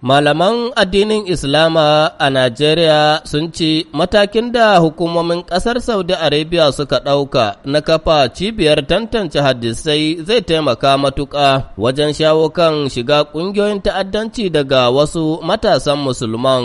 Malaman addinin Islama a Najeriya sun ce matakin da hukumomin ƙasar Saudi Arabia suka ɗauka na kafa cibiyar tantance hadisai zai taimaka matuƙa wajen shawo kan shiga ƙungiyoyin ta'addanci daga wasu matasan musulman.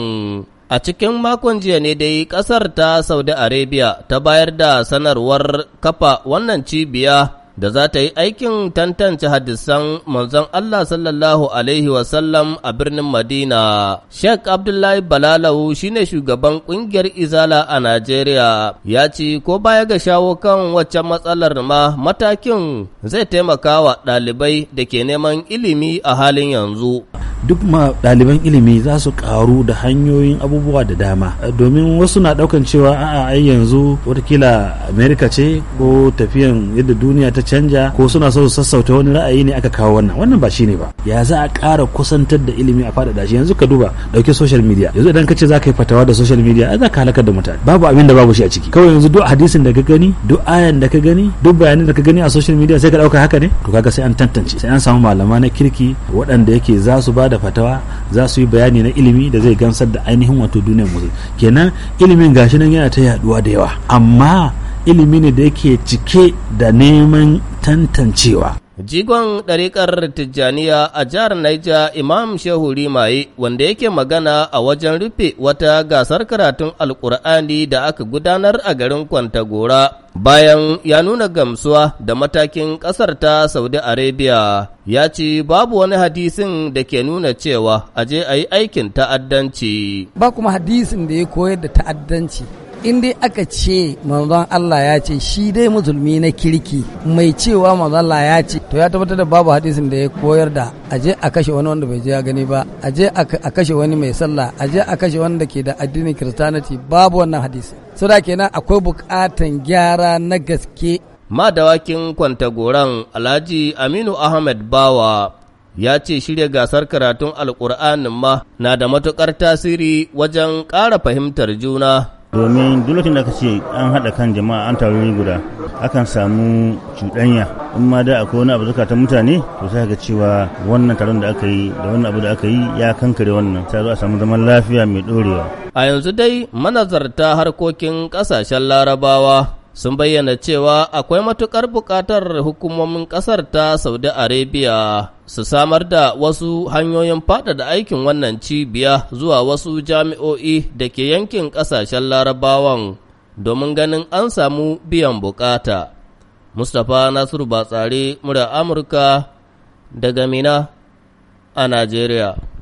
A cikin makon jiya ne dai ƙasar ta Saudi Arabia ta bayar da sanarwar kafa wannan cibiya da za ta yi aikin tantance hadisan manzon Allah sallallahu Alaihi wasallam a birnin Madina. Sheikh Abdullahi Balalau shine shugaban kungiyar Izala a Najeriya ya ce ko baya ga shawo kan waccan matsalar ma matakin zai taimaka wa ɗalibai da ke neman ilimi a halin yanzu. duk ma ɗaliban ilimi za su karu da hanyoyin abubuwa da dama domin wasu na ɗaukan cewa a ai yanzu watakila Amerika ce ko tafiyan yadda duniya ta canja ko suna so su sassauta wani ra'ayi ne aka kawo wannan wannan ba shine ba ya za a ƙara kusantar da ilimi a faɗaɗa shi yanzu ka duba ɗauki social media yanzu idan ka ce za ka yi fatawa da social media A za ka halakar da mutane babu abin da babu shi a ciki kawai yanzu duk hadisin da ka gani duk ayan da ka gani duk bayanan da ka gani a social media sai ka ɗauka haka ne to kaga sai an tantance sai an samu malama na kirki waɗanda yake za su ba da da fatawa za su yi bayani na ilimi da zai gansar da ainihin wato duniyar musulmi kenan ilimin gashi nan yana ta yaduwa da yawa amma ilimi ne da yake cike da neman tantancewa Jigon ɗariƙar Tijjaniya a jihar Naija Imam Shehu Rimaye wanda yake magana a wajen rufe wata gasar karatun Alƙur'ani da aka gudanar a garin Kwantagora bayan ya nuna gamsuwa da matakin ƙasar ta Saudi Arabia ya ce babu wani hadisin da ke nuna cewa aje a yi aikin ta'addanci. Ba kuma hadisin da ya koyar da ta'addanci. in dai aka ce manzon Allah ya ce shi dai musulmi na kirki mai cewa manzon Allah ya ce to ya tabbatar da babu hadisin da ya koyar da aje a kashe wani wanda bai je ya gani ba aje a kashe wani mai sallah aje a kashe wanda ke da addinin kiristaniti babu wannan hadisi so da kenan akwai bukatan gyara na gaske madawakin kwantagoran alhaji aminu ahmed bawa ya ce shirya gasar karatun alƙur'anin ma na da matuƙar tasiri wajen ƙara fahimtar juna domin duk lokacin da aka ce an haɗa kan jama'a an taru guda akan samu cuɗanya in ma da akwai wani abu zukatan mutane to sai ga cewa wannan taron da aka yi da wannan abu da aka yi ya kankare wannan sai zo a samu zaman lafiya mai ɗorewa a yanzu dai manazarta harkokin ƙasashen larabawa sun bayyana cewa akwai matuƙar buƙatar hukumomin ƙasar ta Saudi Arabia su samar da wasu hanyoyin faɗaɗa aikin wannan cibiya zuwa wasu jami'o'i da ke yankin ƙasashen larabawan domin ganin an samu biyan buƙata. Mustapha Nasiru Batsari, murya Amurka, daga Mina a Najeriya.